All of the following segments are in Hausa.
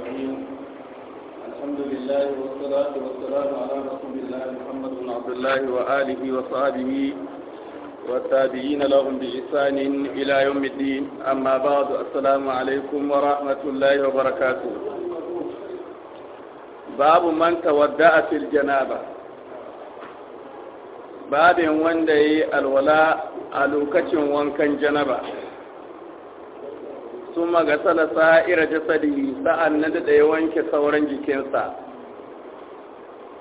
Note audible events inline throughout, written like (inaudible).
الرحيم الحمد لله والصلاة والسلام على رسول الله محمد بن عبد الله وآله وصحبه والتابعين لهم بإحسان إلى يوم الدين أما بعد السلام عليكم ورحمة الله وبركاته باب من تودع في الجنابة babin wanda ya yi alwala a lokacin wankan janaba Suma ga magasala sa'ira jasadi sa'an na da ya wanke sauran jikinsa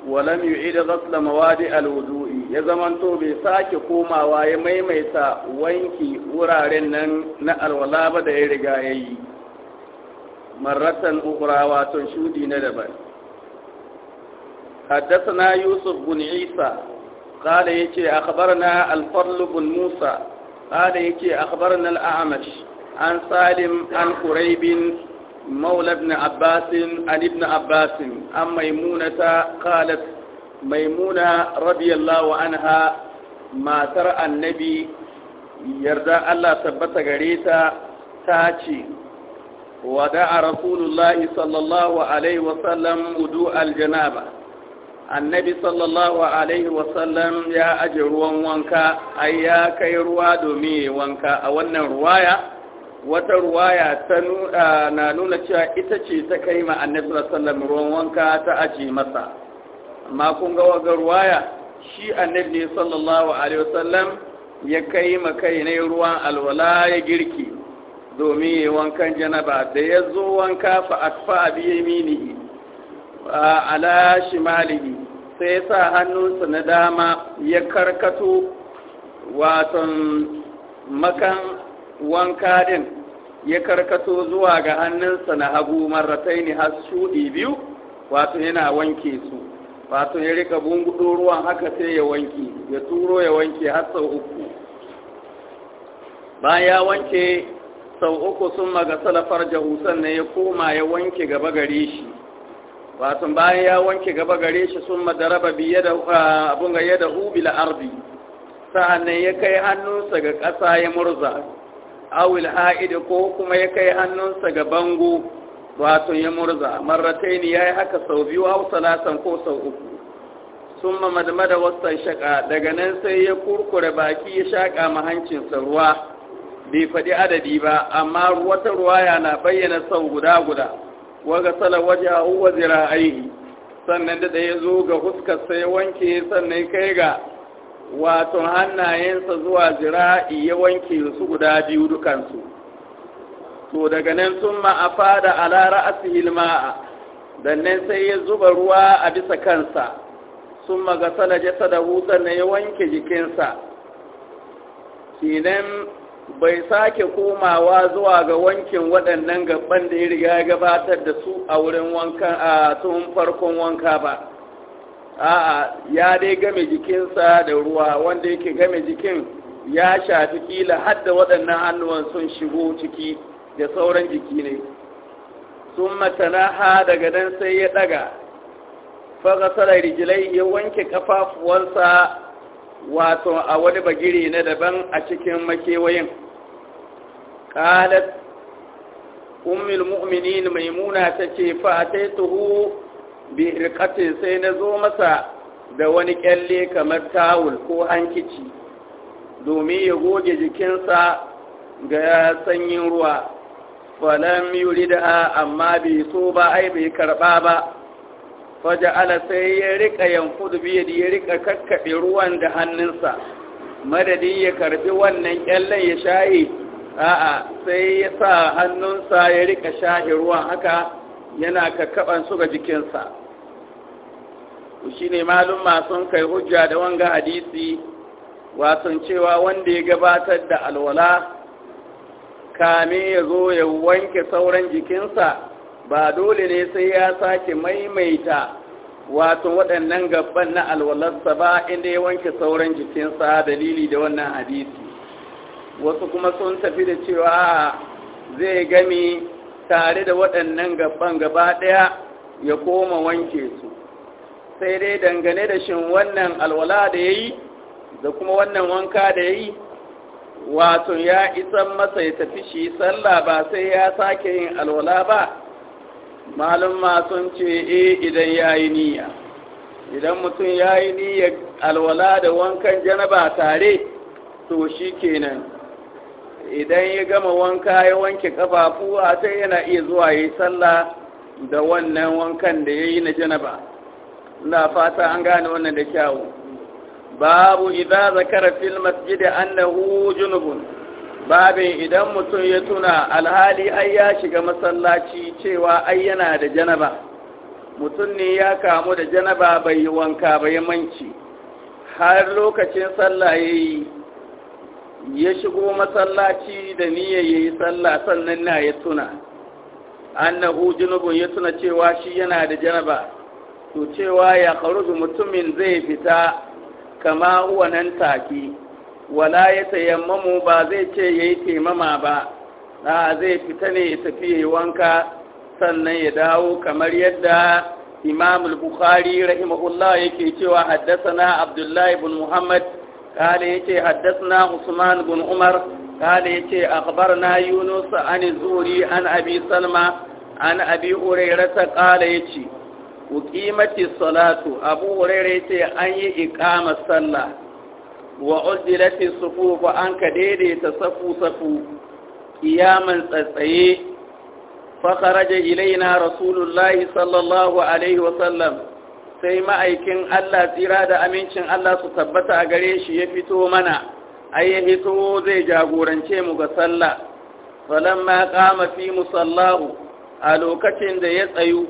walam yu'ida ghasla mawadi alwudu'i ya zamanto bai sake komawa ya maimaita wanki wuraren nan na alwala ba da ya riga yayi marratan ukhra wato shudi na daban حدثنا يوسف بن عيسى قال يجي أخبرنا الفضل بن موسى قال يجي أخبرنا الأعمش عن سالم عن قريب مولى ابن عباس عن ابن عباس عن ميمونة قالت ميمونة رضي الله عنها ما ترى النبي يرضى الله ثبت غريتا تاتي ودع رسول الله صلى الله عليه وسلم وضوء الجنابة annabi sallallahu alaihi wasallam ya aje ruwan wanka ai ya kai ruwa domin wanka a wannan ruwaya wata ruwaya na nuna cewa ita ce ta kai ma annabi sallallahu ruwan wanka ta aje masa amma kun ga wata ruwaya shi annabi sallallahu alaihi wasallam ya kai ma kai ne ruwan alwala ya girki domin ya wankan janaba da ya zo wanka fa akfa bi yaminihi ala shimalihi sai ya sa hannunsa na dama ya karkato waton makan wanka din ya karkato zuwa ga hannunsa na hagu marratai ne har shuɗi biyu wato yana wanke su wato ya rika bungudo ruwan haka sai ya wanke ya turo ya wanke har sau uku bayan ya wanke sau uku sun maga salafar jahusan ne ya koma ya wanke gaba gare shi wato bayan ya wanke gaba gare shi sun madaraba biye da abun ga yada hubi la'arbi sa'an ya kai hannunsa ga ƙasa ya murza awil ha'id ko kuma ya kai hannunsa ga bango wato ya murza marrataini yayi haka sau biyu aw salatan ko sau uku summa madmada wasan shaka daga nan sai ya kurkure baki ya shaka mahancinsa ruwa bai faɗi adadi ba amma wata ruwaya na bayyana sau guda guda waga sala waje a uwa zira'aihi sannan da ya zo ga huskarsa ya wanke sannan kai ga wato hannayensa zuwa zira'i ya wanke su guda biyu dukansu to daga nan sun ma'afa da alara asihil ma'a nan sai ya zuba ruwa a bisa kansa sun magasala jasa da hutar na ya wanke jikinsa Shinan bai sake komawa zuwa ga wankin waɗannan gaban da ya riga gabatar da su a wurin wankan a tun farkon wanka ba a'a ya dai game jikinsa da ruwa wanda yake game jikin ya shafi kila hadda waɗannan hannuwan sun shigo ciki da sauran jiki ne sun matanaha daga nan sai ya ɗaga fagasar rijilai ya wanke kafafuwansa wato a wani bagire na daban a cikin makewayin ƙalat ummul mu'minin maimuna ta ce fa taituhu bi riqatin sai na zo masa da wani kyalle kamar tawul ko hankici domin ya goge jikinsa ga sanyin ruwa falam yurida amma bai so ba ai bai karɓa ba faja'ala sai ya rika yanfudu bi ya rika kakkaɓe ruwan da hannunsa madadin ya karɓi wannan kyallen ya shahi a'a sai ya sa hannunsa ya rika shahi ruwan haka yana kakkaban su ga jikinsa shi ne malumma sun kai hujja da wanga hadisi wasan cewa wanda ya gabatar da alwala kame ya zo ya wanke sauran jikinsa ba dole ne sai ya sake maimaita wato waɗannan gaban na alwalarsa ba inda ya wanke sauran jikinsa dalili da wannan hadisi wasu kuma sun tafi da cewa zai gami tare da waɗannan gaban gaba ɗaya ya koma wanke su sai dai dangane da shin wannan alwala da ya yi da kuma wannan wanka da ya yi wato ya isan masa ya tafi shi sallah ba sai ya sake yin alwala ba malum sun ce e idan ya yi niyya idan mutum ya yi niyya alwala da wankan janaba tare to shi kenan idan ya gama wanka ya wanke kafafu a sai yana iya zuwa ya yi sallah da wannan wankan da ya yi na janaba na fata an gane wannan da kyawu babu idan zakara fil masjid annahu junubun babin idan mutum ya tuna alhali ai ya shiga masallaci cewa ai yana da janaba mutum ne ya kamu da janaba bai wanka bai manci har lokacin sallah yayi ya shigo masallaci da niyyar yayi sallah sannan na ya tuna annahu junubun ya tuna cewa shi yana da janaba to cewa ya kharuju mutumin zai fita kama huwa nan take wala ya tayammamu ba zai ce yayi taimama ba a zai fita ne ya tafi yayi wanka sannan ya dawo kamar yadda Imam al-Bukhari rahimahullah yake cewa haddathana Abdullah ibn Muhammad قال يتي حدثنا عثمان بن عمر قال يتي أخبرنا يونس عن الزوري عن أبي سلمة عن أبي هريرة قال يتي uqimati salatu abu hurairah ce an yi iqamar sallah wa udilati sufufu an ka daidaita safu safu qiyaman tsatsaye fa kharaja ilaina rasulullahi sallallahu alaihi wa sallam sai ma'aikin Allah tsira da amincin Allah su tabbata a gare shi ya fito mana ai ya zai jagorance mu ga sallah falamma qama fi musallahu a lokacin da ya tsayu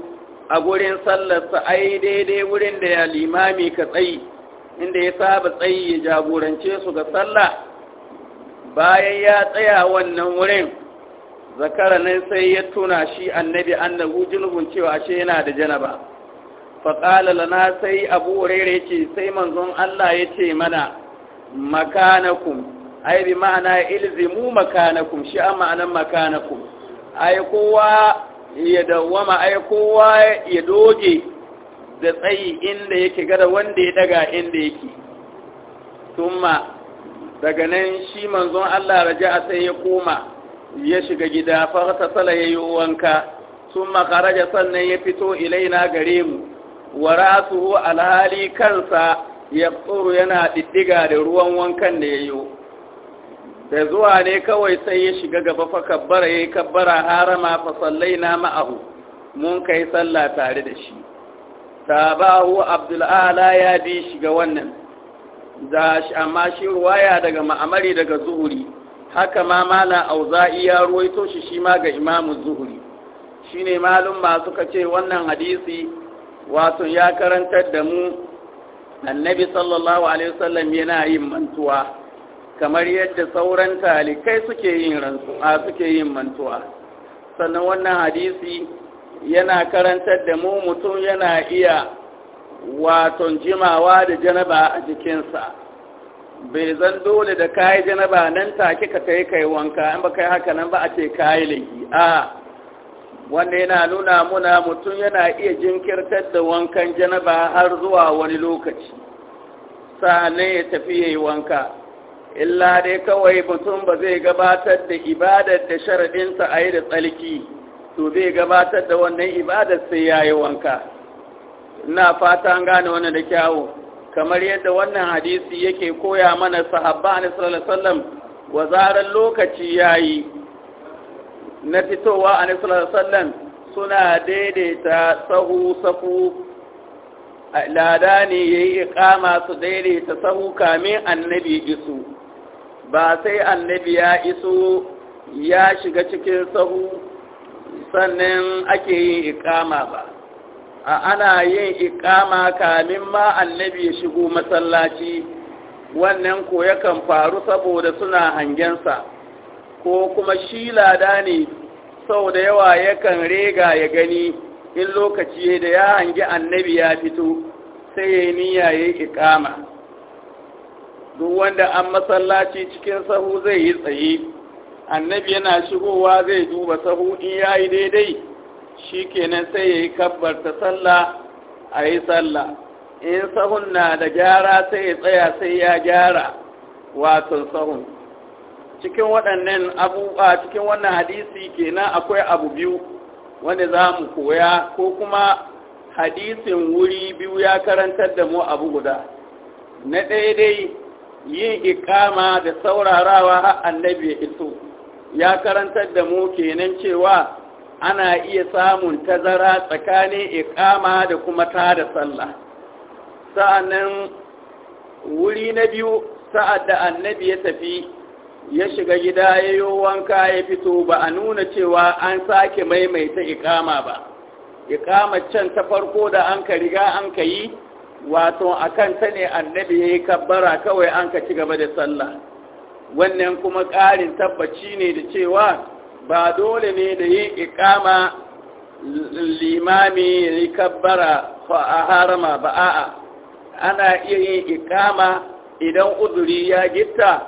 a gurin sallarsa ai daidai wurin da ya limami ka tsayi inda ya saba tsayi ya jagorance su ga sallah bayan ya tsaya wannan wurin zakara nan sai ya tuna shi annabi annabu junubun cewa ashe yana da janaba faƙala lana sai abu hurairu ce sai manzon Allah ya ce mana makanakum ai bi ma'ana ilzimu makanakum shi a ma'anan makanakum ai kowa ya dawama ai kowa ya doge da tsayi inda yake gada wanda ya daga inda yake tumma daga nan shi manzon Allah a sai ya koma ya shiga gida fa sala yi wanka tumma kharaja sannan ya fito ilaina gare mu wa rasuhu alhali kansa ya tsoro yana diddiga da ruwan wankan da yayi da zuwa ne kawai sai ya shiga gaba fa kabbara yayi kabbara harama fa sallaina ma'ahu mun kai sallah tare da shi tabahu abdul ala ya bi shiga wannan da shi amma shi ruwaya daga ma'amari daga zuhuri haka ma mala auza'i ya ruwaito shi shi ma ga imamu zuhuri shine malum ma suka ce wannan hadisi wato ya karantar da mu annabi sallallahu alaihi wasallam yana yin mantuwa kamar yadda sauran talikai suke yin rantsuwa suke yin mantuwa sannan wannan hadisi yana karantar da mu mutum yana iya waton jimawa da janaba a jikinsa bai zan dole da kayi janaba nan take ka kai kai wanka in ba kai haka nan ba a ce kayi laifi a wanda yana nuna muna mutum yana iya jinkirtar da wankan janaba har zuwa wani lokaci sa'annan ya tafi yayi wanka illa dai kawai mutum ba zai gabatar da ibadar da sharaɗinsa a yi da tsalki to zai gabatar da wannan ibadar sai ya yi wanka na fata an gane wannan da kyawu kamar yadda wannan hadisi yake koya mana sahabba na sallallahu alaihi wazarar lokaci ya yi. na fitowa a sallallahu sallam suna daidaita sahu safu lada ne ya yi ikama su daidaita sahu kamin annabi isu ba sai annabi ya iso ya shiga cikin sahu sannan ake yin ikama ba a ana yin ikama kamin ma annabi ya shigo masallaci wannan ko yakan faru saboda suna hangensa ko kuma shi lada ne sau da yawa yakan rega ya gani in lokaci da ya hangi annabi ya fito sai ya yi niyya ya ikama duk wanda an masallaci cikin sahu zai yi tsaye annabi yana shigowa zai duba sahu in ya yi daidai shi kenan sai ya yi kabbarta sallah a yi sallah in sahun na da gyara sai ya tsaya sai ya gyara wato sahun cikin waɗannan abubuwa cikin wannan hadisi kenan akwai abu biyu wanda za mu koya ko kuma hadisin wuri biyu ya karantar da mu abu guda na ɗaya dai yin ikama da saurarawa har annabi ya iso ya karantar da mu kenan cewa ana iya samun tazara tsakanin ikama da kuma tada sallah sa'annan wuri na biyu sa'ad da annabi ya tafi ya shiga gida ya yi wanka ya fito ba a nuna cewa an sake maimaita ikama ba ikamar can ta farko da an ka riga an ka yi wato akan ta ne annabi ya yi kabbara kawai an ka ci gaba da sallah wannan kuma ƙarin tabbaci ne da cewa ba dole ne da yin ikama limami ya yi kabbara a harama ba a'a ana iya yin ikama idan uzuri ya gita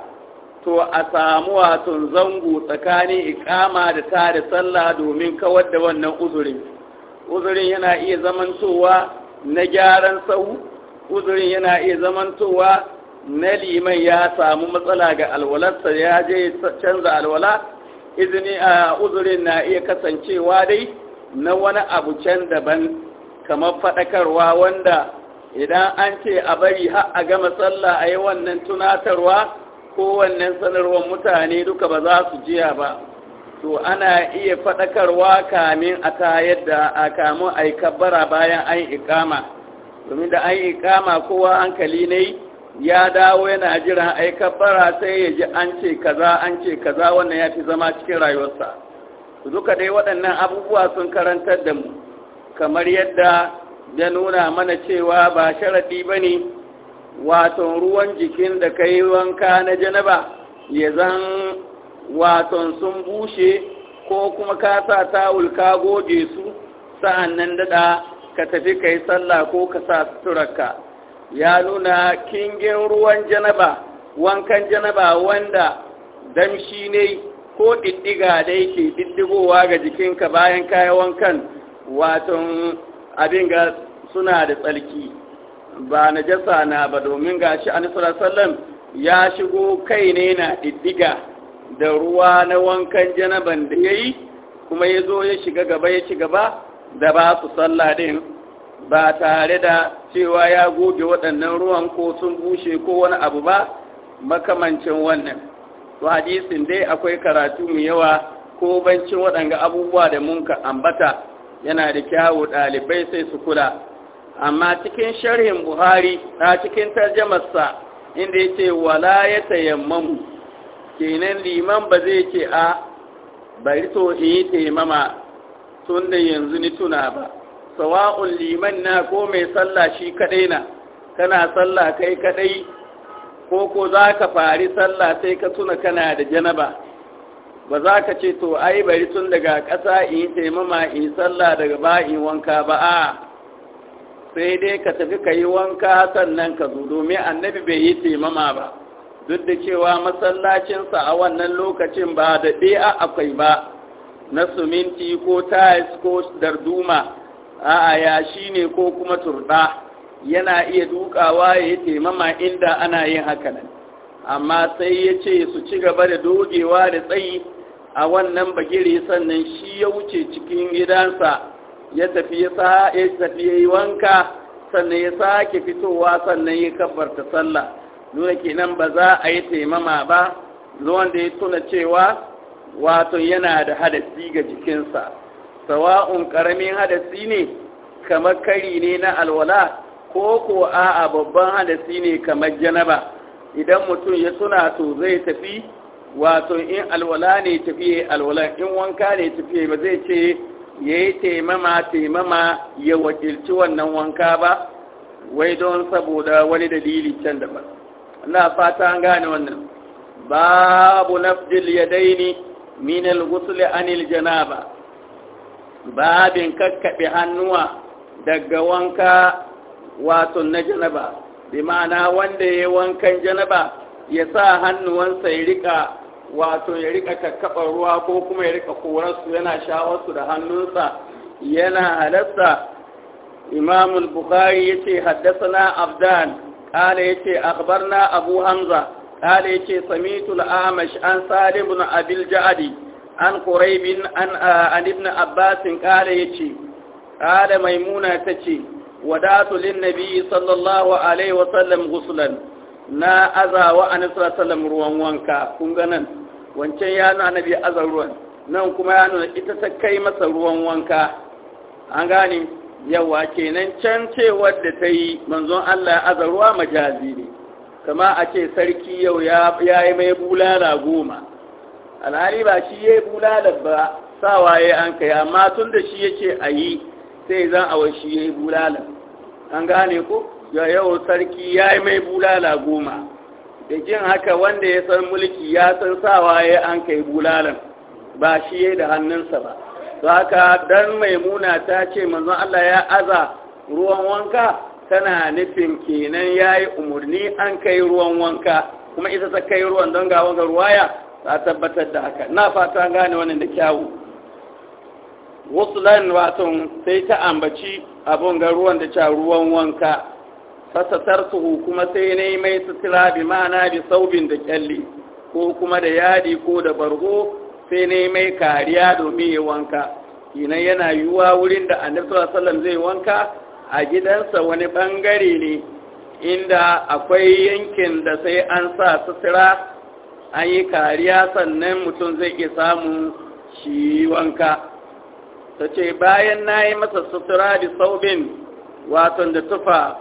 to a samu wato zango tsakanin ikama da ta da sallah domin kawar da wannan uzurin uzurin yana iya zamantowa na gyaran sau uzurin yana iya zamantowa na liman ya samu matsala ga alwalarsa ya je canza alwala izini a uzurin na iya kasancewa dai na wani abu can daban kamar faɗakarwa wanda idan an ce a bari har a gama sallah a yi wannan tunatarwa ko wannan sanarwar mutane duka ba za su jiya ba to ana iya faɗakarwa kamin a ta da a kamun a yi kabbara bayan an ikama domin da an ikama kowa hankali ne ya dawo yana jiran a yi kabbara sai ya ji an ce kaza an ce kaza wannan ya fi zama cikin rayuwarsa duka dai waɗannan abubuwa sun karantar da mu kamar yadda ya nuna mana cewa ba sharaɗi ba ne wato ruwan jikin da ka yi wanka na janaba ya zan waton sun bushe ko kuma ka sa tawul ka goge su sa'an nan daɗa ka tafi ka yi sallah ko ka sa suturarka ya nuna kingin ruwan janaba wankan janaba wanda damshi ne ko ɗiɗɗiga da yake ɗiɗɗigowa ga jikinka bayan kayan wankan waton abin ga suna da tsalki. ba na jasa na ba domin gashi an sallam ya shigo kai ne na diddiga da ruwa na wankan janaban da ya yi kuma ya zo ya shiga gaba ya ci gaba da ba su sallah din ba tare da cewa ya goge waɗannan ruwan ko sun bushe ko wani abu ba makamancin wannan to hadisin dai akwai karatu mai yawa ko bancin waɗanga abubuwa da munka ambata yana da kyawu ɗalibai sai su kula amma cikin sharhin buhari a cikin tarjamarsa inda ya ce wala ya tayammamu kenan liman ba zai ce a bari to yi taimama tun da yanzu ni tuna ba sawa'un liman na ko mai sallah shi kaɗai na kana sallah kai kaɗai? ko ko za ka fari sallah sai ka tuna kana da janaba ba za ka ce to ai bari tun daga ƙasa in yi taimama in sallah daga ba'in wanka ba a sai dai ka tafi ka yi wanka sannan ka zo domin annabi bai yi taimama ba duk da cewa masallacinsa a wannan lokacin ba da ɗaya akwai ba na suminti ko tais ko darduma a yashi ne ko kuma turɗa yana iya dukawa ya yi taimama inda ana yin hakanan amma sai ya ce su ci gaba da dogewa da tsayi a wannan bagire sannan shi ya wuce cikin gidansa ya ya tafi ya yi wanka sannan ya sake fitowa sannan ya kabbarta sallah nuna kenan ba za a yi taimama ba zuwan da ya tuna cewa wato yana da hadasi ga jikinsa sawa'un karamin hadasi ne kamar kari ne na alwala ko ko a'a babban hadasi ne kamar janaba idan mutum ya tuna to zai tafi wato in alwala ne tafiye alwala in wanka ne tafiye ba zai ce ya yi taimama taimama ya wakilci wannan wanka ba wai don saboda wani dalili can daban ina fata an gane wannan babu nafjil yadaini min al-ghusl anil janaba babin kakkabe hannuwa daga wanka wato na janaba bi ma'ana wanda ya wankan janaba ya sa hannuwansa ya rika wato ya rika kakkaɓar ruwa ko kuma ya rika korarsu yana shawarsu da hannunsa yana halatta imamul bukhari yace ce haddasa na abdan qala yace akhbarna abu hamza qala yace samitu al-amash an salim ibn abil ja'di an qurayb an an ibn abbas qala yace qala maimuna tace wadatu lin nabi sallallahu alaihi wa sallam ghuslan na azawa an sallallahu ruwan wanka kun ga nan wancan ya nuna nabi azar ruwan nan kuma ya nuna ita ta kai masa ruwan wanka an gane yawa kenan can cewar da ta yi manzon Allah azarwa majazi ne kama a ce sarki yau ya yi mai bulala goma alhali ba shi ya yi bulala ba sawa ya an kai amma tun da shi ya ce a yi sai zan awa shi ya yi bulala an gane ku, ya yau sarki ya yi mai bulala goma da jin haka wanda ya san mulki ya san sawa ya an kai bulalan ba shi ya yi da hannunsa ba haka dan maimuna ta ce manzon Allah ya aza ruwan wanka tana nufin kenan ya yi umarni an kai ruwan wanka kuma ita ta kai ruwan don ga wanka ruwaya ta tabbatar da haka na fata gane wannan da kyawu wusulan wato sai ta ambaci abun ga ruwan da ca ruwan wanka fasatarsuhu kuma sai na mai sutura bi ma'ana bi saubin da kyalli ko kuma da yadi ko da bargo sai ne mai kariya domin ya wanka Ina yana yiwuwa wurin da annabi sallallahu wasallam zai wanka a gidansa wani bangare ne inda akwai yankin da sai an sa sutura an yi kariya sannan mutum zai iya samun shi wanka ta ce bayan na yi masa sutura da saubin waton da tufa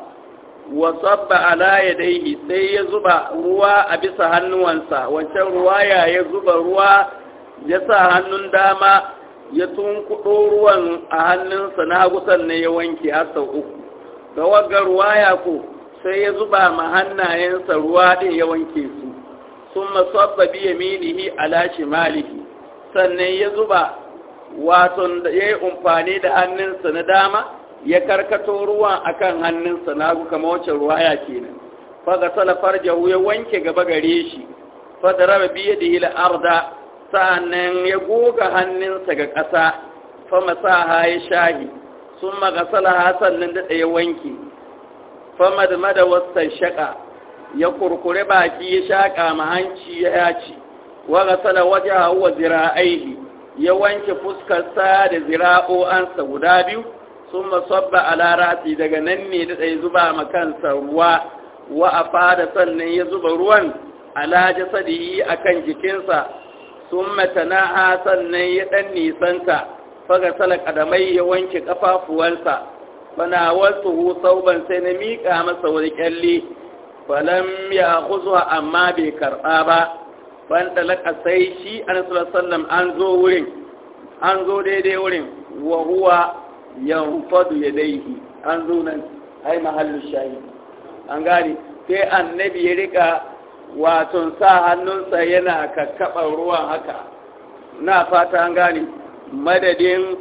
wasabba ala ya daihi sai ya zuba ruwa a bisa hannuwansa wancan ruwa ya ya zuba ruwa ya sa hannun dama ya tunkuɗo ruwan a hannunsa na hagu sannan ya wanke sau uku ga ruwa waya ko sai ya zuba ma hannayensa ruwa ɗin ya wanke su sun masabba biya a ala maliki. sannan ya zuba waton da ya yi umfani da hannunsa na dama ya karkato ruwan kan hannunsa na hagu kama wacce ruwa ruwaya kenan faga salafar jahu ya wanke gaba gare shi fadarar biya da hila arda sa'annan ya goga hannunsa ga ƙasa fama sa ya shahi sun magasala hasan sannan da ya wanke fama da madawarsa shaƙa ya kurkure baki ya shaƙa hanci ya yaci wa gasala waje hawa zira'aihi ya wanke fuskarsa da zira'o'ansa guda biyu sun ba a daga nan ne da ya zuba kansa ruwa wa a fada sannan ya zuba ruwan ala a akan jikinsa sun matana'a sannan ya ɗan nisanta faga salaka da mai ya wanke ƙafafuwansa bana wasu sauban sai na miƙa masa wani ƙyalli falam ya kuzuwa amma bai karɓa ba ban talaka sai shi an sallam an zo wurin an zo daidai wurin wa huwa ya yadaihi an zo nan ai mahallu shayi an gane sai annabi ya rika waton sa hannunsa yana kakkaɓar ruwan haka na fata gani madadin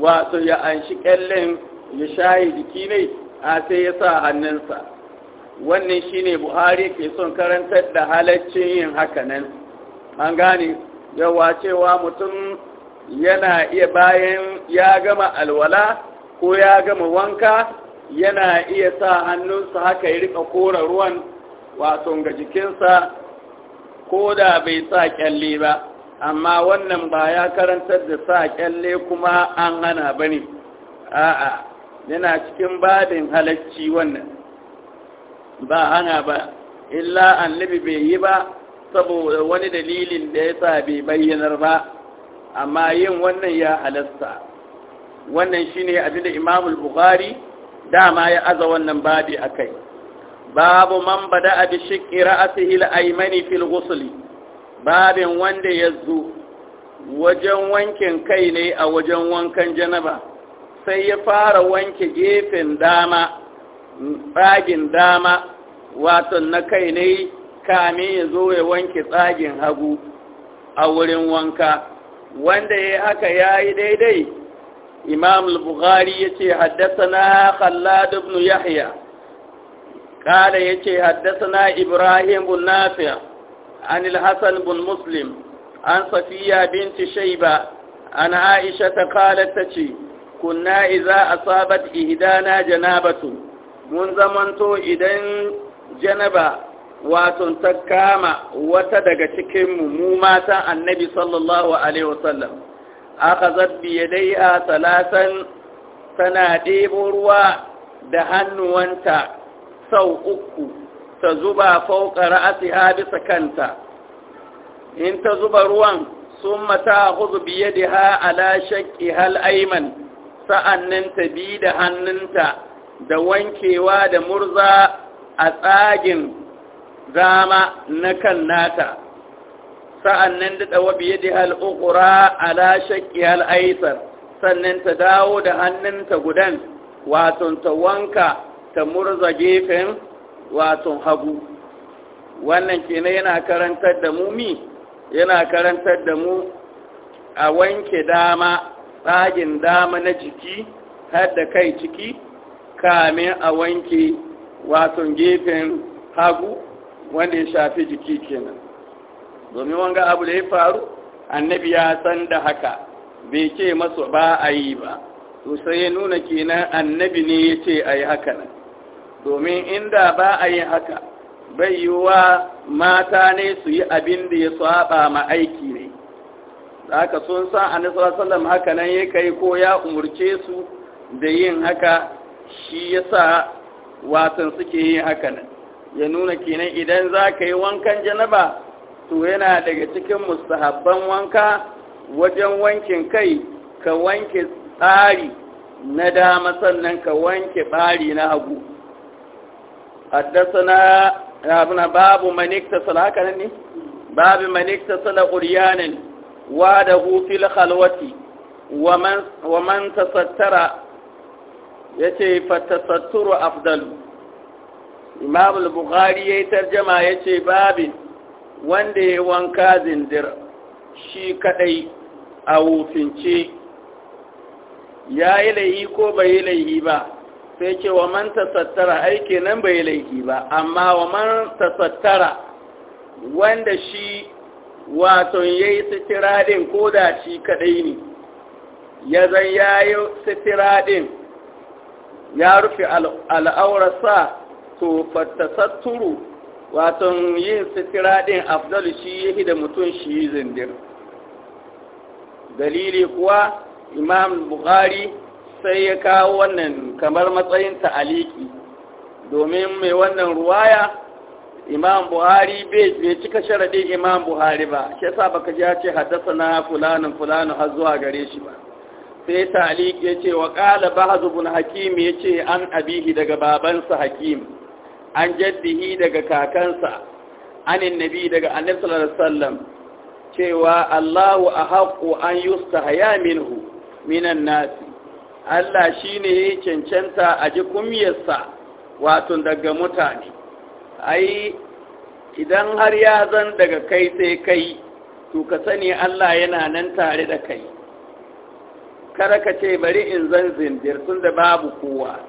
wato ya anshi ƙyallen ya shahi jiki ne a sai ya sa hannunsa wannan shine buhari ke son karantar da halaccin yin haka nan an gane yawa cewa mutum yana iya bayan ya gama alwala ko ya gama wanka yana iya sa hannunsa haka ya riƙa kora ruwan wato ga jikinsa ko da bai sa kyalle ba amma wannan ba ya karantar da sa kyalle kuma an hana ba ne a'a yana cikin badin halacci wannan ba hana ba illa annabi bai yi ba saboda wani dalilin da ya sa bai bayyanar ba amma yin wannan ya halasta wannan shine abin da imamul bukhari dama ya aza wannan babi akai babu man bada bi shiqqi ra'sihi al-aymani fil ghusl babin wanda yazo wajen wankin kai ne a wajen wankan janaba sai ya fara wanke gefen dama tsagin dama wato na kai ne kamin ya zo ya wanke tsagin hagu a wurin wanka wanda ya haka ya yi daidai imam al-bukhari ya ce haddasa na khallad ibn yahya قال يتي حدثنا إبراهيم بن نافع عن الحسن بن مسلم عن صفية بنت شيبة عن عائشة قالت تشي كنا إذا أصابت إهدانا جنابة من زمنتو إذن جنبة واتن تكاما وتدق تكم موماتا النبي صلى الله عليه وسلم أخذت بيديها ثلاثا تناديب روا دهنوانتا sau uku ta zuba fauka ra'asiha bisa kanta in ta zuba ruwan sun mata huzu biye da ha ala shakki hal aiman ta bi da hannunta da wankewa da murza a tsagin zama na kan nata sa'annin da ɗawa biye da hal ukura ala shakki hal aisar sannan ta dawo da hannunta gudan wato ta wanka ta murza gefen wato hagu wannan kenan yana karantar da mu mi yana karantar da mu a wanke dama tsagin dama na jiki har da kai ciki kamin a wanke wato gefen hagu wanda ya shafi jiki kenan domin wanga abu da ya faru annabi ya san da haka bai ce masu ba a yi ba to sai ya nuna kenan annabi ne ya ce a yi haka domin inda ba a yi haka bai yiwuwa mata ne su yi abin da ya saba ma aiki ne haka sun san annabi sallam haka nan ya kai ko ya umurce su da yin haka shi ya sa watan suke yi haka nan ya nuna kenan idan za ka yi wankan janaba to yana daga cikin mustahabban wanka wajen wankin kai ka wanke tsari na dama sannan ka wanke tsari na hagu حدثنا ابن باب من اكتسل هكذا باب من اكتسل قريانا وعده في الخلوة ومن, ومن تستر يتي فتستر أفضل imam al-bukhari yayi tarjama yace babin wanda ya wanka zindir shi kaɗai, a wufince ya yi laihi ko bai yi laihi ba sai ce wa man tasattara aiki nan bai laifi ba amma wa man tasattara wanda shi wato ya yi sitiradin ko da shi kadai ne ya zan ya yi sitiradin ya rufe al'aurarsa to fattasatturu wato yin sitiradin afdal shi ya da mutum shi zindir dalili kuwa imam bukari. sai ya kawo wannan kamar matsayin ta'aliki domin mai wannan ruwaya imam buhari bai cika sharaɗin imam buhari ba shi sa baka ji ya ce haddasa na fulanin fulanin har zuwa gare shi ba sai ta'aliki ya ce wa ƙala ba zubin hakim ya ce an abihi daga babansa hakim an jaddihi daga kakansa anin nabi daga annabi sallallahu cewa allahu a haƙo an yusta haya minhu minan nasi Allah shi ne ya cancanta a ji kumiyarsa wato daga mutane ai idan har ya zan daga kai sai kai to ka sani Allah yana nan tare da kai kada ka ce bari in zan zindir tun da babu kowa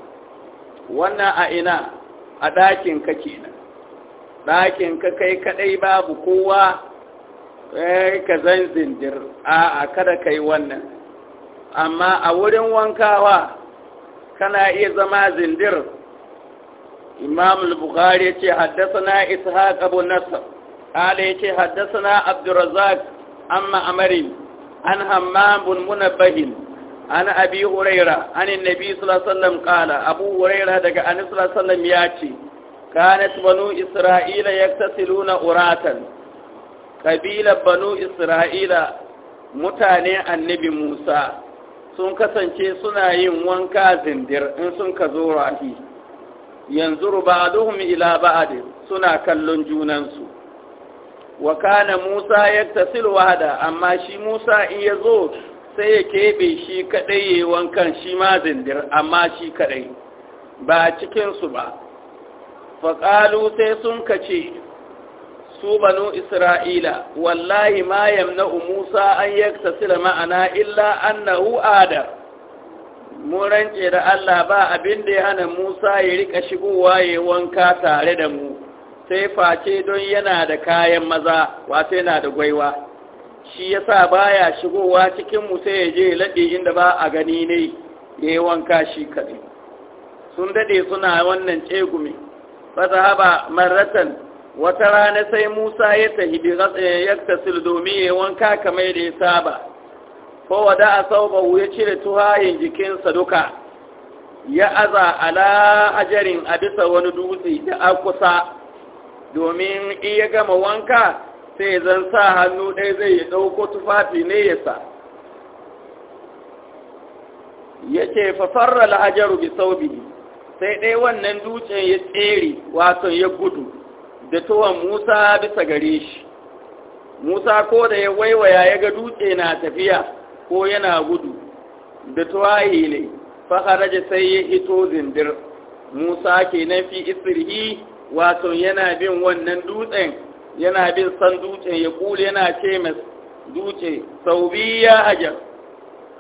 wannan a ina a ɗakin ka kenan ɗakin ka kai kaɗai babu kowa eh, ka zan zindir a kada kai wannan amma a wurin wankawa kana iya zama zindir imam al-bukhari yace haddathana ishaq abu nasr qala yace haddathana abdurrazzaq amma amari an hammam bin munabbih an abi huraira an annabi sallallahu alaihi wasallam qala abu huraira daga annabi sallallahu alaihi wasallam yace kanat banu isra'ila yaktasiluna uratan kabila banu isra'ila mutane annabi musa sun kasance suna yin wanka zindir in sun ka zo rafi yanzu rubaduhum ila ba'd suna kallon junansu wa kana Musa yaktasil wahda amma shi Musa in ya zo sai ya kebe shi kadai yayin wankan shi ma zindir amma shi kadai ba cikin su ba faqalu sai sun kace su banu isra'ila wallahi ma yamna musa an yaktasila ma'ana illa annahu adam mun rance da Allah ba abin da ya hana musa ya rika shigowa ya wanka tare da mu sai face don yana da kayan maza wato yana da gwaiwa shi yasa baya shigowa cikin mu sai ya je lade inda ba a gani ne ya yi wanka shi kaɗai sun dade suna wannan tsegumi fa haba maratan wata rana sai Musa ya tafi bi yaktasil domin ya wanka kamar da ya saba ko wada a ya cire tuhayin jikinsa duka ya aza ala ajarin a bisa wani dutse da akusa domin ya gama wanka sai zan sa hannu ɗaya zai ya ɗauko tufafi ne ya sa ya ce fafarra la'ajaru bi saubi sai ɗaya wannan dutsen ya tsere wato ya gudu da tuwon Musa bisa gare shi Musa ko da ya waiwaya ya ga dutse na tafiya ko yana gudu da tuwahi ne faharaja sai ya hito zindir Musa ke nan fi isirhi wato yana bin wannan dutsen yana bin san dutsen ya kula yana ce mai dutse sau biyu ya hajar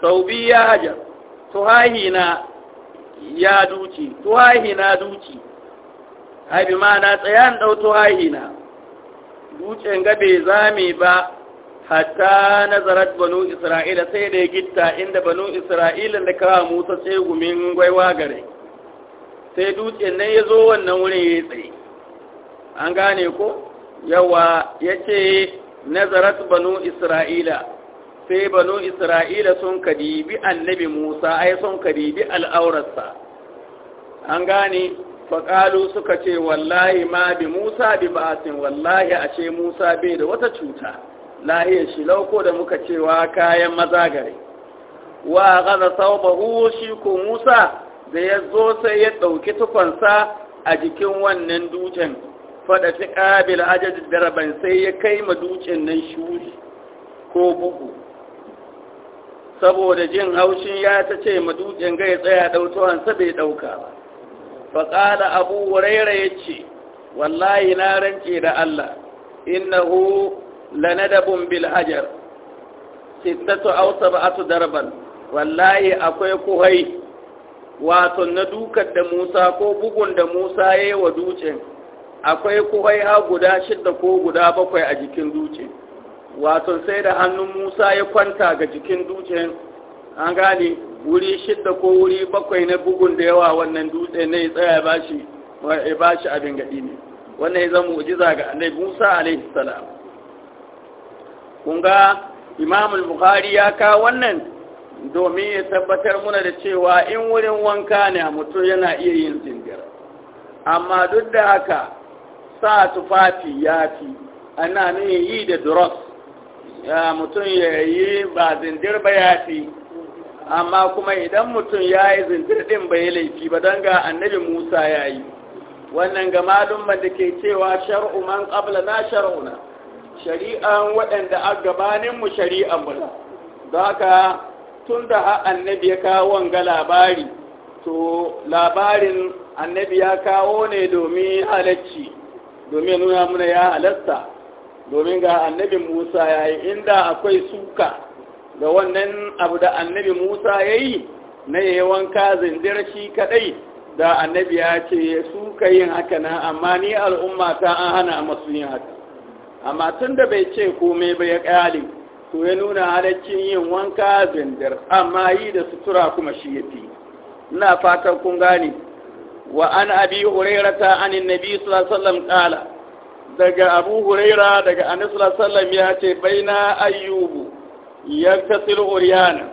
sau ya hajar tuwahi na ya duci na ai bi ma'ana tsayan ɗauto hahina dutsen gabe zame ba hatta nazarat banu isra'ila sai da ya gitta inda banu isra'ila da kawo musa sai gumin gwaiwa gare sai dutsen nan ya wannan wurin ya tsaye an gane ko yawa yace ce nazarat banu isra'ila sai banu isra'ila sun kadibi annabi musa ai sun kadibi al'aurarsa an gane faƙalu suka ce wallahi ma bi musa bi ba'asin wallahi ashe musa bai da wata cuta lahiyar shi lauko da muka cewa kayan maza gari. wa gaza saubahu shi ko musa da ya zo sai ya ɗauki tufansa a jikin wannan dutsen faɗa fi ƙabil ajajin daraban sai ya kai ma dutsen nan shuri ko bugu saboda jin haushin ya ta ce ma dutsen gai tsaya ɗautuwansa bai ɗauka ba faƙada abu waraira ya ce wallahi na rance da Allah innahu lanadabun bil hajar sittatu aw sab'atu darban wallahi akwai kuhai wato na dukar da Musa ko bugun da Musa yayi wa dutsen akwai kuhai ha guda shidda ko guda bakwai a jikin dutsen wato sai da hannun Musa ya kwanta ga jikin dutsen an gane wuri shidda ko wuri bakwai na bugun da yawa wannan dutse ne ya tsaya shi ya bashi abin gadi ne wannan ya zama mu'jiza ga annabi Musa alaihi salam kun ga Imam al-Bukhari ya ka wannan domin ya tabbatar muna da cewa in wurin wanka ne mutum yana iya yin zindir amma duk da haka sa tufafi ya fi ana yi da duros mutum ya yi ba zindir ba ya fi amma kuma idan mutum ya yi ɗin bai laifi ba don ga annabi musa ya yi wannan ga malumman da ke cewa shar'u man ƙabla na shar'una shari'an waɗanda a gabaninmu shari'an mula za haka tun da annabi ya kawo wanga labari to labarin annabi ya kawo ne domin halacci domin nuna muna ya halasta domin ga annabi musa ya yi inda akwai suka da wannan abu da annabi Musa ya yi na yayi wanka zindir shi kadai da annabi ya ce su ka yin haka na amma ni al'umma ta an hana masu yin haka amma tun da bai ce komai bai ya kyale to ya nuna halaccin yin wanka zindir amma yi da sutura kuma shi ya fi ina fatan kun gane wa an abi hurairata anin nabi sallallahu alaihi wasallam daga abu Hurera daga annabi sallallahu alaihi ya ce baina ayyubu yagtasil uriyana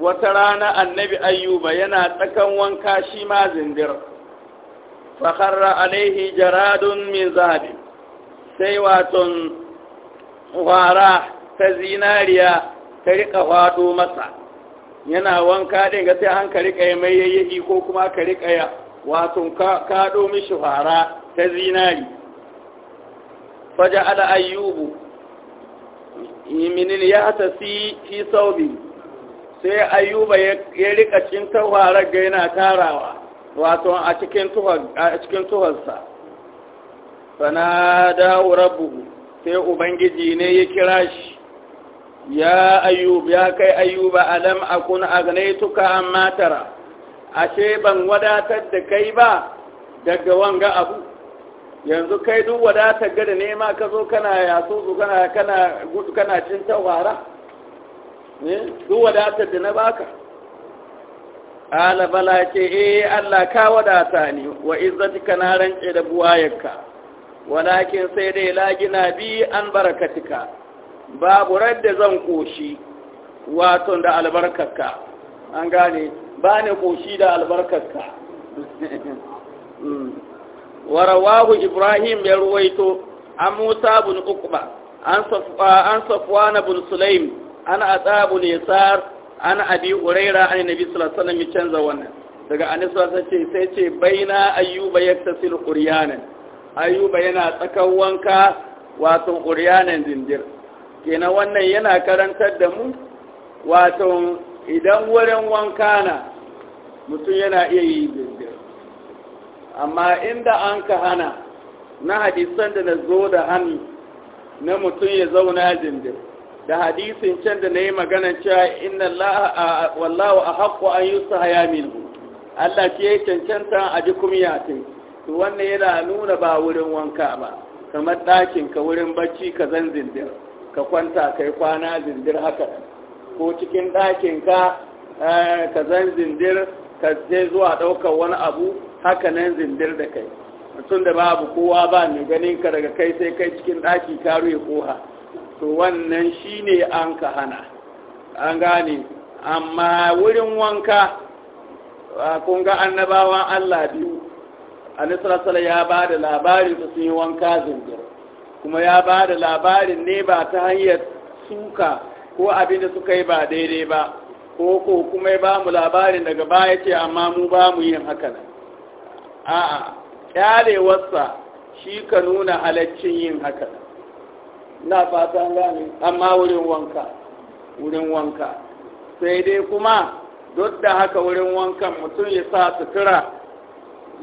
wata rana annabi ayyuba yana tsakan wanka shi ma zindir fakarra alaihi jaradun min zahabi sai waton wara ta zinariya ta rika fado masa yana wanka din ga sai an ka rika mai yayyi ko kuma ka rika ya waton kaɗo mishi wara ta zinari faja ala ayyubu yiminin ya atasi fi saubi sai ayyuba ya rika cin tawarar ga yana tarawa wato a cikin tuhonsa. sana dawo rabu sai ubangiji ne ya kira shi ya ayyub ya kai ayyuba alam akun tuka an matara, ashe ban wadatar da kai ba daga wanga abu yanzu kai duk wadatar gada nema ka zo kana yaso su kana kana gudu kana cin tawara ne duk wadatar da na baka ala bala ce eh Allah ka wadata ni wa ka na rance da buwayarka walakin sai dai lagina bi an barakatika babu radda zan koshi wato da albarkarka an gane ba ne koshi da albarkarka (laughs) hmm. wa rawahu ibrahim ya ruwaito an musa bin uqba an safwa an safwan bin sulaim an atabul yasar an abi uraira ani nabi sallallahu alaihi wasallam ya canza wannan daga anas ce sai ce baina ayyuba yaktasil quryanan ayyuba yana tsakan wanka wato quryanan zindir kenan wannan yana karantar da mu wato idan wurin wanka na mutum yana iya yi zindir amma inda an ka hana na hadisan da na zo da hannu na mutum ya zauna jindir da hadisin can da na yi magana cewa inna wallahu a haƙo an yi su haya minhu Allah ke cancanta a ji kumya wannan yana nuna ba wurin wanka ba kamar ɗakin ka wurin bacci ka zan zindir ka kwanta kai kwana zindir haka ko cikin ɗakin ka eh, ka zan zindir ka je zuwa ɗaukar wani abu haka nan zindir da kai mutum da babu kowa ba ne ganin ka daga kai sai kai cikin ɗaki ka ruwe koha to wannan shi ne an ka hana an gane amma wurin wanka kun ga annabawan Allah biyu a nisarar ya ba da labarin su sun yi wanka zindir kuma ya ba da labarin ne ba ta hanyar suka ko abinda da suka yi ba daidai ba ko ko kuma ya ba mu labarin daga baya ce amma mu ba mu yin haka nan a'a kyalewarsa shi ka nuna halaccin yin haka nan na fatan gane amma wurin wanka wurin wanka sai dai kuma duk da haka wurin wankan mutum ya sa sutura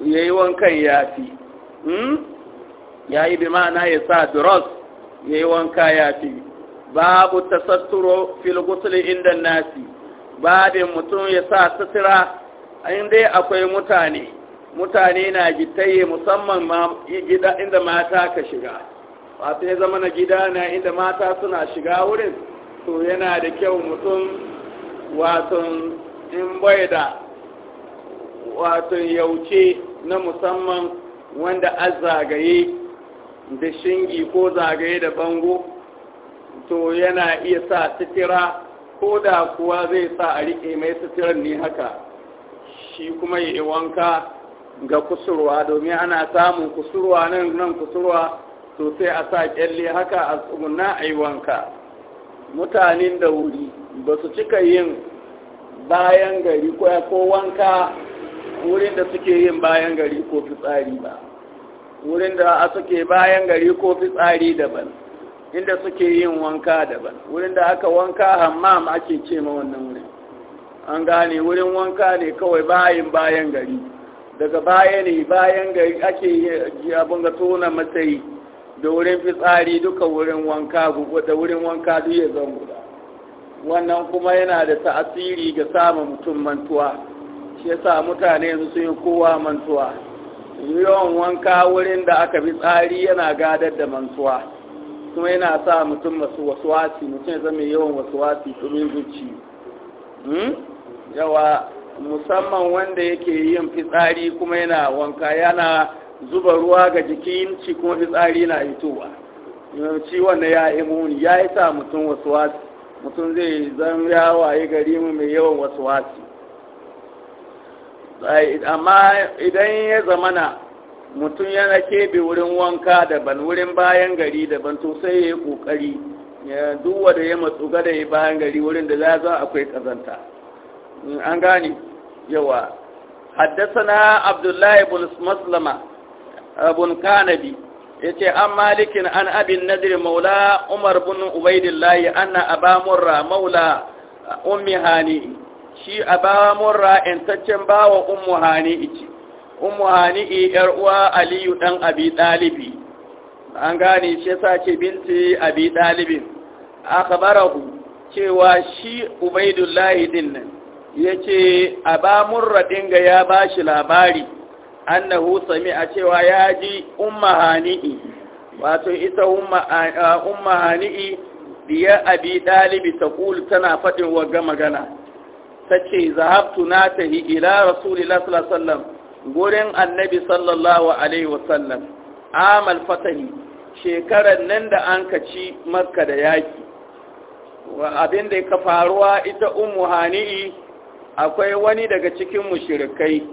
ya yi wankan ya fi hmm? ya yi bi ma'ana ya sa duros ya yi wanka ya fi babu tasatturo fil inda nasi babin mutum ya sa sutura dai akwai mutane mutane na gitaye musamman gida inda mata ka shiga wato ya zama na gida na inda mata suna shiga wurin to yana da kyau mutum wato in bai da wato yauce na musamman wanda an zagaye da shingi ko zagaye da bango to yana iya sa sutura ko da kuwa zai sa a riƙe mai suturar ne haka shi kuma yi wanka ga kusurwa domin ana samun kusurwa nan nan kusurwa sosai a sa kyalle haka a tsuguna a yi wanka mutanen da wuri ba su cika yin bayan gari ko wanka wurin da suke yin bayan gari ko fitsari ba wurin da suke bayan gari ko fitsari daban inda suke yin wanka daban wurin da aka wanka hammam ake ce ma wannan wurin an gane wurin wanka ne kawai bayan bayan gari daga baya ne bayan gari ake yi abin ga tona matsayi da wurin fitsari duka wurin wanka da wurin wanka duk ya zan guda wannan kuma yana da ta'asiri ga samun mutum mantuwa shi yasa mutane yanzu sun yi kowa mantuwa yawan wanka wurin da aka fi tsari yana gadar da mantuwa kuma yana sa mutum masu wasuwasi mutum ya zama yawan wasuwasi domin zuci hmm? yawa musamman wanda yake yin fitsari kuma yana wanka yana zuba ruwa ga jikin ci kuma fitsari na hitowa yawanci wanda ya yi muni ya yi sa mutum wasuwasi mutum zai zan ya waye gari mai yawan wasuwasi amma idan ya zamana mutum yana keɓe wurin wanka daban wurin bayan gari daban to sai ya yi ƙoƙari ya duwa da ya matsu ga da ya bayan gari wurin da za za akwai kazanta an gane yawa haddasana abdullahi bin maslama abun kanabi ya ce an malikin an abin nadir maula umar bin ubaidillahi anna abamurra maula ummi hani shi abamurra 'yantaccen bawa ummu hani ici ummu hani'i yar uwa aliyu dan abi ɗalibi. an gane shi yasa ce binti abi talibin akhbarahu cewa shi ubaidullahi din nan yace aba murra dinga ya bashi labari annahu a cewa ya ji umma hani'i wato ita umma hani'i diya abi dalibi ta kulu tana faɗin wagga magana ta ce zahabtu na tahi ila rasulillah sallallahu alaihi wasallam gurin annabi sallallahu alaihi wasallam amal fatahi shekarar nan da an kaci makka da yaki abin da ka faruwa ita ummu hani'i akwai wani daga cikin mushirikai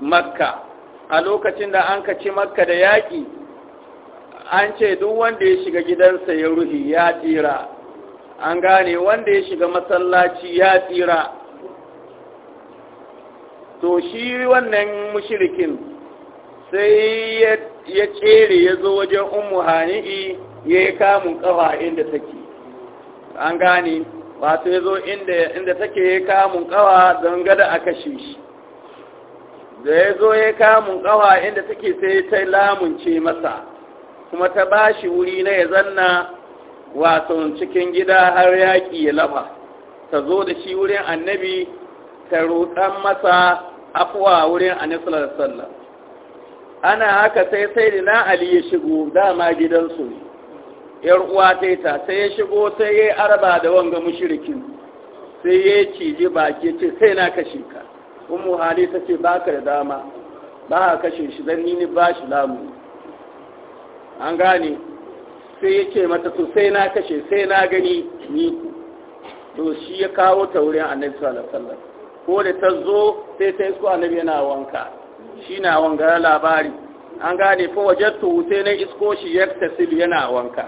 makka a lokacin da an kaci makka da yaki an ce duk wanda ya shiga gidansa ya ruhi ya tsira an gane wanda ya shiga masallaci ya tsira to shi wannan mushirikin sai ya tsere ya zo wajen Umu hani'i ya yi kamun kafa inda take an gani wato ya zo inda take ya yi kamun kawa don gada a kashe shi da ya zo ya yi kamun kawa inda take sai ta lamunce masa kuma ta ba shi wuri na ya zanna wato cikin gida har yaƙi ya lafa ta zo da shi wurin annabi ta rudan masa afuwa wurin anisalar sallah ana haka sai sai da na ali ya shigo dama gidansu ne yar uwa ta sai ya shigo sai ya arba da wanga mushrikin sai ya ciji baki ce sai na kashe ka ummu hali ta ce baka da dama ba a kashe shi dan ni ba shi lamu an gane sai ya ce mata to sai na kashe sai na gani ni to shi ya kawo ta wurin annabi sallallahu alaihi wasallam ko da ta zo sai ta isko annabi yana wanka shi na wanga labari an gane fa wajattu sai na isko shi tasil yana wanka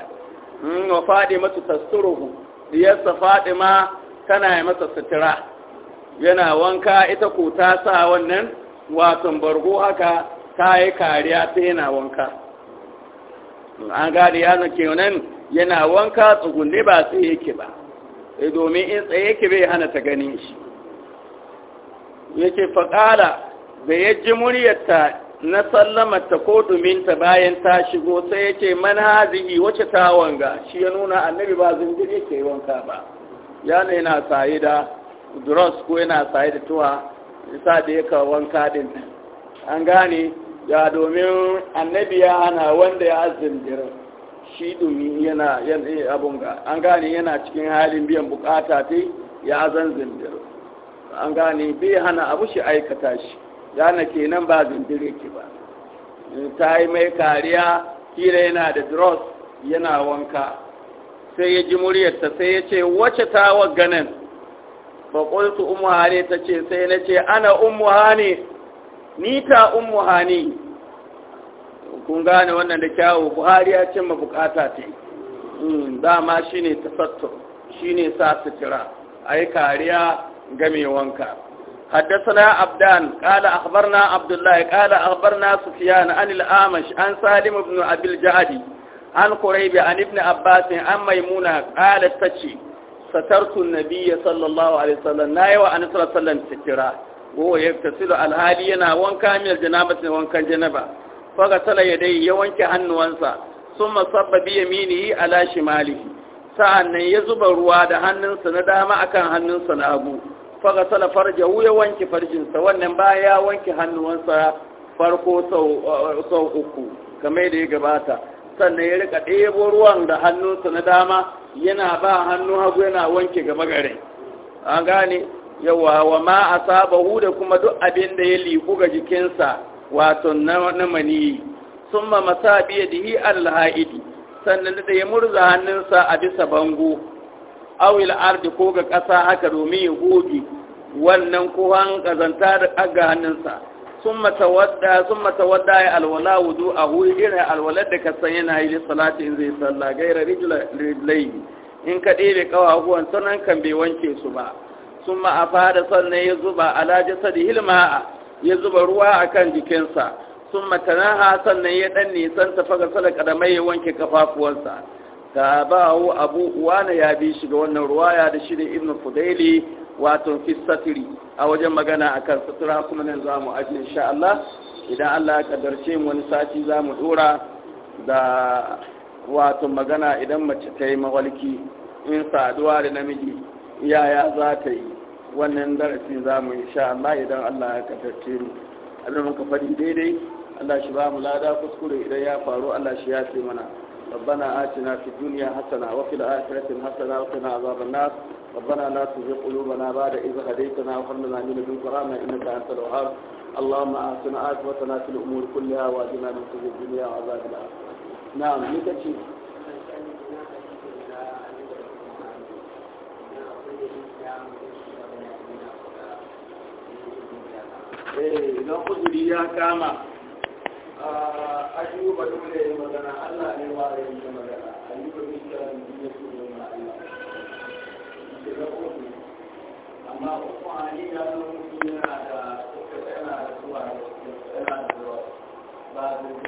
in hmm, wa fadima tasturuhu sa fadima tana yi masa sutura yana wanka ita ko ta sa wannan watan bargo haka ta yi kariya sai yana wanka an gane ya ke nan yana wanka tsugunne ba sai yake ba eh, domin in tsaye yake bai hana ta ganin shi Yake faƙala da ya ji muryarta na sallamata ko ɗuminta bayan ta shigo sai yake ce manhazihi wacce ta wanga shi ya nuna annabi ba zindir yake wanka ba Ya ne yana saye da dross ko yana saye da tuwa isa da ya wanka din an gane ya domin annabi ya hana wanda ya azindir shi dumi yana abunga an gane yana cikin halin biyan bukata ta ya zan zindir an gane bi hana abu shi aikata shi yana kenan ba zindire ki ba ta yi mai kariya kila yana da dross yana wanka sai ya ji muryarta sai ya ce wace ta wagganan ba ƙultu ta ce sai na ce ana umu hane ni ta umu kun gane wannan da kyawu buhari ya cin bukata ta hmm, dama shi ne tasattur shi ne sa sutura a yi kariya gamewanka حدثنا عبدان قال أخبرنا عبد الله قال أخبرنا سفيان عن الآمش عن سالم بن أبي الجعدي عن قريب عن ابن عباس عن ميمونة قال تشي سترت النبي صلى الله عليه وسلم نايو عن صلى الله عليه وسلم سترا وهو يغتسل الهالي ينا وانكا من الجنابة وانكا جنبا فغسل يديه يوانك عن وانسا ثم صب بيمينه على شماله sa'annan ya zuba ruwa da hannunsa na dama akan hannunsa na abu fagasala farjahu ya wanke farjinsa wannan ba ya wanke hannuwansa farko sau uh, uku kamar da ya gabata sannan ya rika ɗebo ruwan da hannunsa na dama yana ba hannu hagu yana wanke gaba gare an gane yawa wa ma a sabahu da kuma duk abin da ya liku ga jikinsa wato na maniyi sun ma masa biya da alha'idi sannan da ya murza hannunsa a bisa bango awil ardi ko ga ƙasa haka domin ya goge wannan kohan kazanta da ƙaga hannunsa sun matawadda ya alwala wudu a huri irin alwalar da ka san yana yi salati in zai salla gaira rijilai in ka ɗebe ƙawahuwan sanan kan bai wanke su ba sun ma'afa da sannan ya zuba alaji sadi hilma'a ya zuba ruwa a kan jikinsa sun matanaha sannan ya ɗan nisan tafaga salaka da ya wanke kafafuwansa ba bawo abu wani ya bi shiga ga wannan ruwaya da shi da ibn fudaili wato fi satiri a wajen magana akan sutura kuma nan za mu ajiye insha Allah idan Allah ya kaddarce mu wani sati za mu dora da wato magana idan mace ta yi mawalki in saduwa da namiji yaya za ta yi wannan darasi za mu insha Allah idan Allah ya kaddarce mu abin ka faɗi daidai Allah shi ba mu lada kuskure idan ya faru Allah shi ya ce mana ربنا آتنا في الدنيا حسنة وفي الآخرة حسنة وقنا عذاب النار ربنا لا تزغ قلوبنا بعد إذ هديتنا وهب لنا من لدنك رحمة إنك أنت الوهاب اللهم آتنا عاقبتنا في الأمور كلها وأجنا من خزي الدنيا وعذاب الآخرة نعم نكتشف eh na kuzuri ya كامل ayyuba ah, duk da ya magana Allah ne wa ya yi magana ayyuba duk da ya su ne Allah amma kuma ani ya zo yana da yana da zuwa yana da zuwa ba da